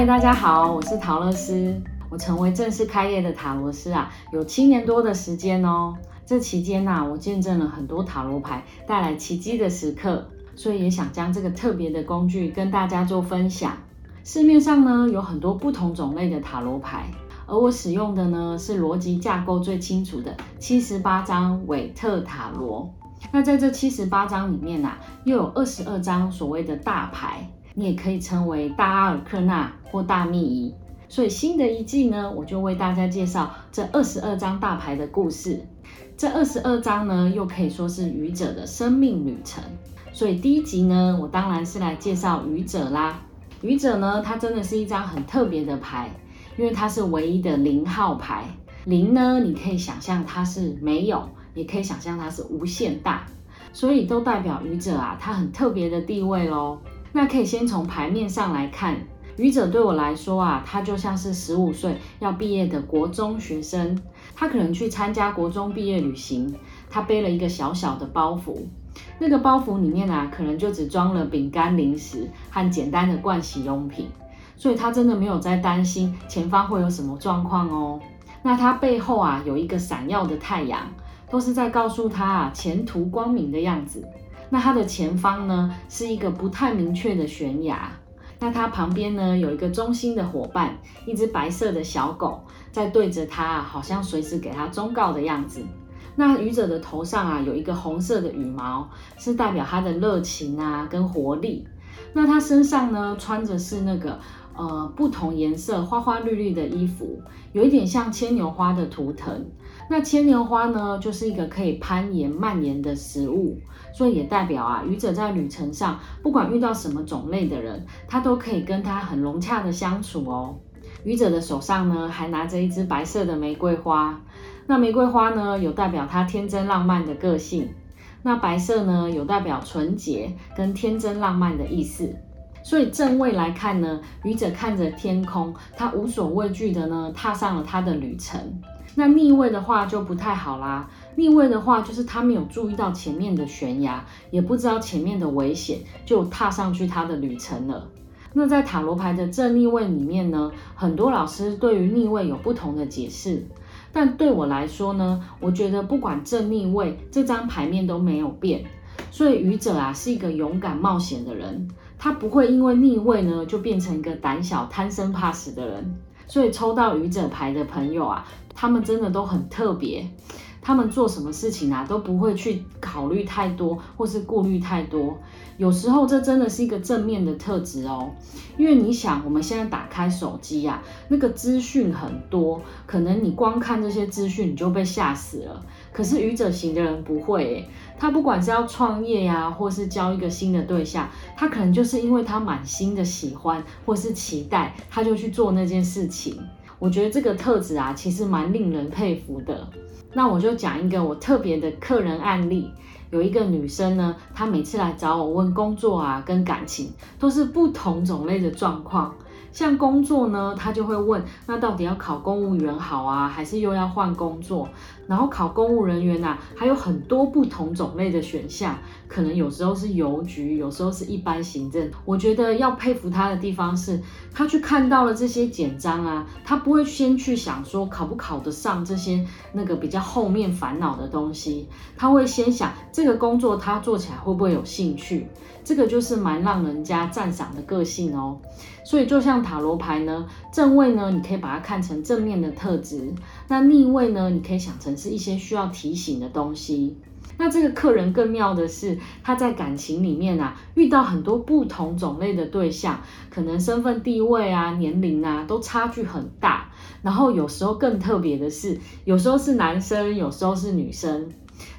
嗨，大家好，我是桃樂絲。我成為正式開業的塔羅師啊，有七年多的時間哦。這期間吶、啊，我見證了很多塔羅牌帶來奇蹟的時刻，所以也想將這個特別的工具跟大家做分享。市面上呢，有很多不同種類的塔羅牌，而我使用的呢，是邏輯架、架構最清楚的七十八張韋特塔羅。那在這七十八張裡面吶、啊，又有二十二張所謂的大牌。你也可以稱為大阿爾克納或大秘儀，所以新的一季呢，我就為大家介紹這二十二張大牌的故事。這二十二張呢，又可以說是愚者的生命旅程。所以第一集呢，我當然是來介紹愚者啦。愚者呢，它真的是一張很特別的牌，因為它是唯一的零號牌。零呢，你可以想象它是沒有，也可以想象它是無限大，所以都代表愚者啊，它很特別的地位嘍。那可以先從牌面上來看，愚者對我來說啊，他就像是十五歲要畢業的國中學生，他可能去參加國中畢業旅行，他背了一個小小的包袱，那個包袱裡面啊，可能就只裝了餅乾、零食和簡單的盥洗用品，所以他真的沒有在擔心前方會有什麼狀況哦。那他背後啊，有一個閃耀的太陽，都是在告訴他啊，前途光明的樣子。那它的前方呢是一個不太明確的懸崖，那它旁邊呢有一個忠心的伙伴，一只白色的小狗在對着它，好像隨時給它忠告的樣子。那愚者的頭上啊有一個紅色的羽毛，是代表他的熱情啊跟活力。那他身上呢穿着是那個。呃，不同顏色、花花綠綠的衣服，有一點像牽牛花的圖騰。那牽牛花呢，就是一個可以攀岩蔓延的植物，所以也代表啊，愚者在旅程上，不管遇到什麼種類的人，他都可以跟他很融洽的相處哦。愚者的手上呢，還拿着一支白色的玫瑰花。那玫瑰花呢，有代表他天真浪漫的個性。那白色呢，有代表純潔跟天真浪漫的意思。所以正位來看呢，愚者看着天空，他無所畏懼的呢，踏上了他的旅程。那逆位的話就不太好啦。逆位的話就是他沒有注意到前面的懸崖，也不知道前面的危險，就踏上去他的旅程了。那在塔羅牌的正逆位裡面呢，很多老師對於逆位有不同的解釋，但對我來說呢，我覺得不管正逆位，這張牌面都沒有變。所以愚者啊，是一個勇敢冒險的人。他不會因為逆位呢就變成一個膽小、貪生怕死的人，所以抽到愚者牌的朋友啊，他們真的都很特別。他們做什麼事情啊都不會去考慮太多，或是顧慮太多。有時候這真的是一個正面的特質哦，因為你想，我們現在打開手機呀，那個資訊很多，可能你光看這些資訊你就被嚇死了。可是愚者型的人不會欸，他不管是要創業呀，或是交一個新的對象，他可能就是因為他滿心的喜歡或是期待，他就去做那件事情。我覺得這個特質啊，其實蠻令人佩服的。那我就講一個我特別的客人案例，有一個女生呢，她每次來找我問工作啊，跟感情都是不同種類的狀況。像工作呢，他就會問，那到底要考公務員好啊，還是又要換工作？然後考公務人員吶、啊，還有很多不同種類的選項，可能有時候是郵局，有時候是一般行政。我覺得要佩服他的地方是，他去看到了這些簡章啊，他不會先去想說考不考得上這些那個比較後面煩惱的東西，他會先想這個工作他做起來會不會有興趣，這個就是蠻讓人家讚賞的個性哦、喔。所以就。像塔羅牌呢，正位呢，你可以把它看成正面的特質；那逆位呢，你可以想成是一些需要提醒的東西。那這個客人更妙的是，他在感情裡面啊，遇到很多不同種類的對象，可能身份地位啊、年齡啊都差距很大。然後有時候更特別的是，有時候是男生，有時候是女生。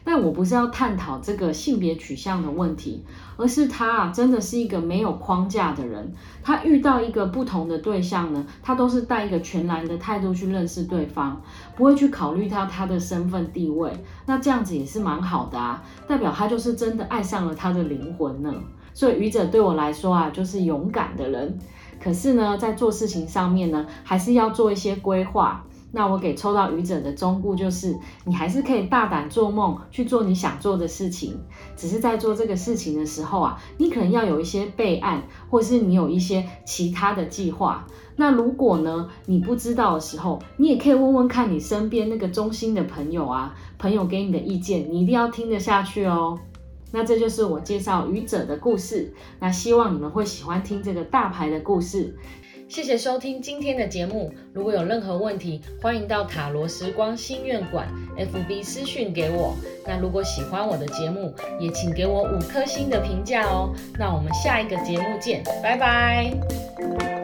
但我不是要探討這個性別取向的問題，而是他啊，真的是一個沒有框架的人。他遇到一個不同的對象呢，他都是帶一個全然的態度去認識對方，不會去考慮他他的身份地位。那這樣子也是蠻好的啊，代表他就是真的愛上了他的靈魂呢。所以愚者對我來說啊，就是勇敢的人。可是呢，在做事情上面呢，還是要做一些規劃。那我給抽到愚者的忠告就是，你還是可以大膽做夢，去做你想做的事情。只是在做這個事情的時候啊，你可能要有一些備案，或是你有一些其他的計劃。那如果呢，你不知道的時候，你也可以問問看你身邊那個忠心的朋友啊，朋友給你的意見，你一定要聽得下去哦。那這就是我介紹愚者的故事。那希望你們會喜歡聽這個大牌的故事。謝謝收聽今天的節目。如果有任何問題，歡迎到塔羅食光心願館 FB 私訊給我。那如果喜歡我的節目，也請給我五顆星的評價哦。那我們下一個節目見，拜拜。